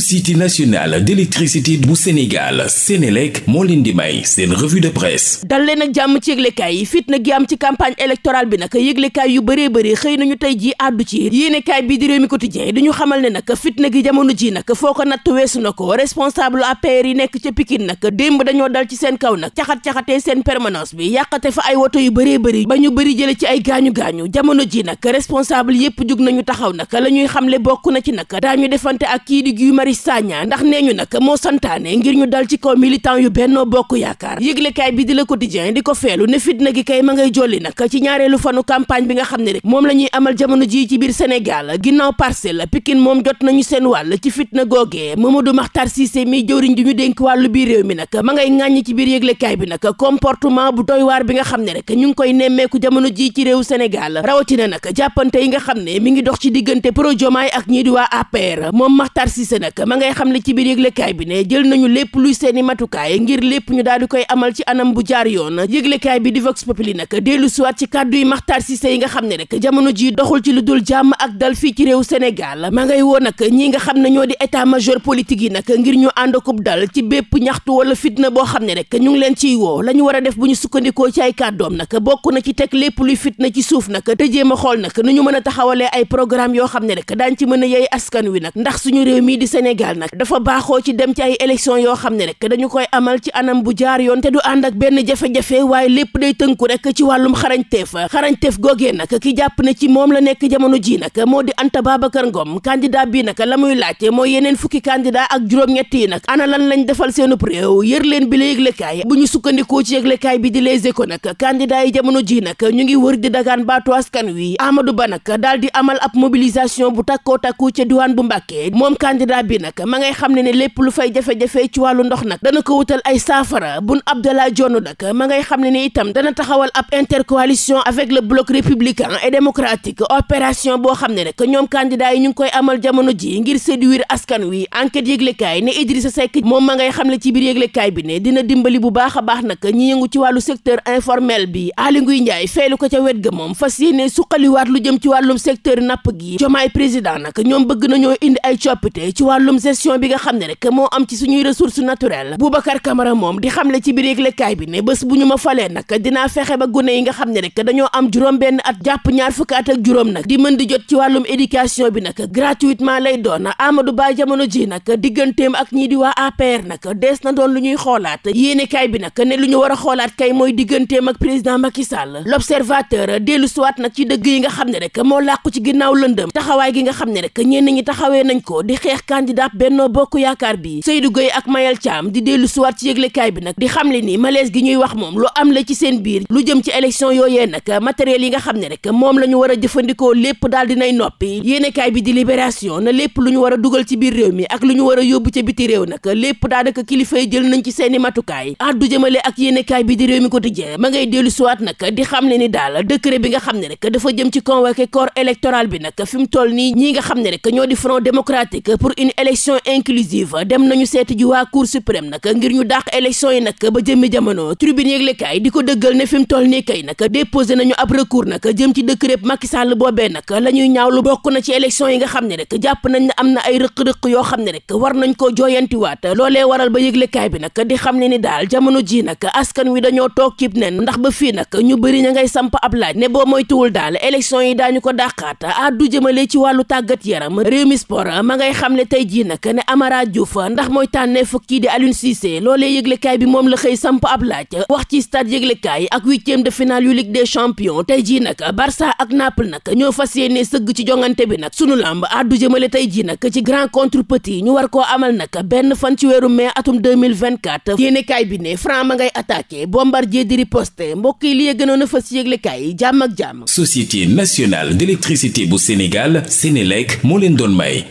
société nationale d'électricité bu Sénégal Sénélec moo leen di may seen revue de presse dal leen jàmm ci yëglekaay yi fitna gi am ci campagne électorale bi nag yëglekaay yu bëree bëri xëy nañu tey ji àddu ci yéenekaay bii di Rewmi Quotidien di ñu xamal ne nag fitna gi jamono ji nag foo ko natt weesu na ko responsable APR yi nekk ca Pikine nag démb dañoo dal ci seen kaw nag caxat-caxatee seen permanence bi yàqate fa ay woto yu bëree bëri ba ñu na ci Guy Sagna ndax nee ñu nag moo santaane ngir ñu dal ci kaw militant yu Benno Bokk Yaakaar yëglekaay bi di Le Quotidien di ko feelu ne fitna gi kay ma ngay jolli nag ci ñaareelu fanu campagne bi nga xam ne rek moom la ñuy amal jamono ji ci biir Sénégal ginnaaw Parcelles Pikine moom jot nañu seen wàll ci fitna googee Mamadou Makhtar Cissé mi jëwriñ ju ñu dénk wàllu biir réew mi nag ma ngay ŋàññi ci biir yëglekaay bu doy waar bi nga xam ne ñu ngi koy nemmeeku jamono ji ci réew Sénégal rawatina nag jàppante yi nga xam ne mi ngi dox ci diggante pro Diomaye nag ma ngay xam ne ci biir yëglekaay bi ne jël nañu lépp luy seeni matukaay ngir lépp ñu daal di koy amal ci anam bu jaar yoon yëglekaay bi di Vox Populi nag lu siwaat ci kàddu yi Makhtar Cissé yi nga xam ne rek jamono ji doxul ci lu dul jàmm ak dal fii ci réew Sénégal ma ngay woo nag ñi nga xam ne ñoo di état major politique yi nag ngir ñu ànd ko dal ci bépp ñaxtu wala fitna boo xam ne rek ñu ngi leen ciy woo lañu ñu war a def bu ñu sukkandikoo ci ay kàddoom nag bokk na ci teg lépp luy fitna ci suuf nag te a xool nag nu ñu mën a taxawalee ay programme yoo xam ne a Sénégal nag dafa baaxoo ci dem ci ay élection yoo xam ne rek dañu koy amal ci anam bu jaar yoon te du ànd ak benn jafe-jafe waaye lépp day tënku rek ci wàllum xarañteef xarañteef googee nag ki jàpp ne ci moom la nekk jamono ji nag moo di Anta Babacar Ngom candidat bi nag la muy laajte mooy yeneen fukki candidat ak juróom-ñett yi nag ana lan lañ defal seenub réew yër leen bi la yëglekaay bu ñu sukkandikoo ci yëglekaay bi di Les Échos nag candidat yi jamono ji nag ñu ngi wër di dagaan baatu askan wi Amadou Ba nag daal di amal ab mobilisation bu takkoo takku ca diwaan bu Mbàkke moom candidat barab bi nag ma ngay xam ne ne lépp lu fay jafe-jafe ci wàllu ndox nag dana ko wutal ay saafara Boun Abdallah Dionne nag ma ngay xam ne ne itam dana taxawal ab intercoalition avec le bloc républicain et démocratique opération boo xam ne rek ñoom candidat yi ñu ngi koy amal jamono ji ngir séduire askan wi enquête yëglekaay ne Idrissa Seck moom ma ngay xam ne ci biir yëglekaay bi ne dina dimbali bu baax a baax nag ñi yëngu ci wàllu secteur informel bi Aly wàllum gestion bi nga xam ne rek moo am ci suñuy ressources naturelles Boubacar Camara moom di xamle ci biir yëglekaay bi ne bés bu ñu ma falee nag dinaa fexe ba gune yi nga xam ne rek dañoo am juróom benn at jàpp ñaar fukki ak juróom nag di mën di jot ci wàllum éducation bi nag gratuitement lay doon amadu Ba jamono ji nag digganteem ak ñii di waa APR nag dees na doon lu ñuy xoolaat yéenekaay bi nag ne lu ñu war xoolaat kay mooy digganteem ak président Macky Sall l'observateur dellu siwaat nag ci dëgg yi nga xam ne rek moo làqu ci ginnaaw lëndëm taxawaay gi nga xam ne rek ñenn ñi taxawee nañ ko di xeex candidat Benno Bokk Yaakaar bi Seydou Gueye ak Mayel Thiam di dellu suwaat ci yëglekaay bi nag di xamle ni malaise gi ñuy wax moom lu am la ci seen biir lu jëm ci élection yooyee nag matériel yi nga xam ne rek moom la ñu war a jëfandikoo lépp daal dinay noppi yéenekaay bi di liberation na lépp lu ñu war a dugal ci biir réew mi ak lu ñu war a yóbbu ca biti réew nag lépp daanaka kilifa yi jël nañ ci seeni matukaay addu jëmale ak yéenekaay bi di réew mi quotidien ma ngay dellu suwaat nag di xam ne ni daal décret bi nga xam ne rek dafa jëm ci convoqué corps électoral bi nag fi mu toll nii ñi nga xam ne ñoo di front démocratique pour élection inclusive dem nañu seeti ji waa cour suprême nag ngir ñu dàq élection yi nag ba jëmmi jamono tribune yëglekaay di ko dëggal ne fi mu toll nii kay nag déposé nañu ab recours nag jëm ci décret Macky Sall boobee nag la ñuy ñaawlu bokk na ci élection yi nga xam ne rek jàpp nañ ne am na ay rëq-rëq yoo xam ne rek war nañ koo jooyantiwaat loolee waral ba yëglekaay bi nag di xam ne ni daal jamono ji nag askan wi dañoo toog cib nen ndax ba fii nag ñu bëri ña ngay samp ab laaj ne boo moytuwul daal élection yi daañu ko dàqaat addu jëmale ci wàllu tàggat yaram réew sport ma ngay xam ne tey ji naka ne Amara Diouf ndax mooy tànnee fukki di Aliou Cissé loolee yëglekaay bi moom la xëy samp ab laaj wax ci stade yëglekaay ak huitième de finale yu Ligue des champions tey jii nag Barça ak Naples nag ñoo fas yéene sëgg ci jongante bi nag sunu lamb àddu jëmale tey jii nag ci grand contre petit ñu war koo amal nag benn fan ci weeru mais atum 2024 yéenekaay bi ne Franc ma ngay attaqué Bombardier di riposté mbokk yi li gënoon a fas yëglekaay yi jàmm ak jàmm. Société nationale d'électricité bu Sénégal Sénélec moo leen doon may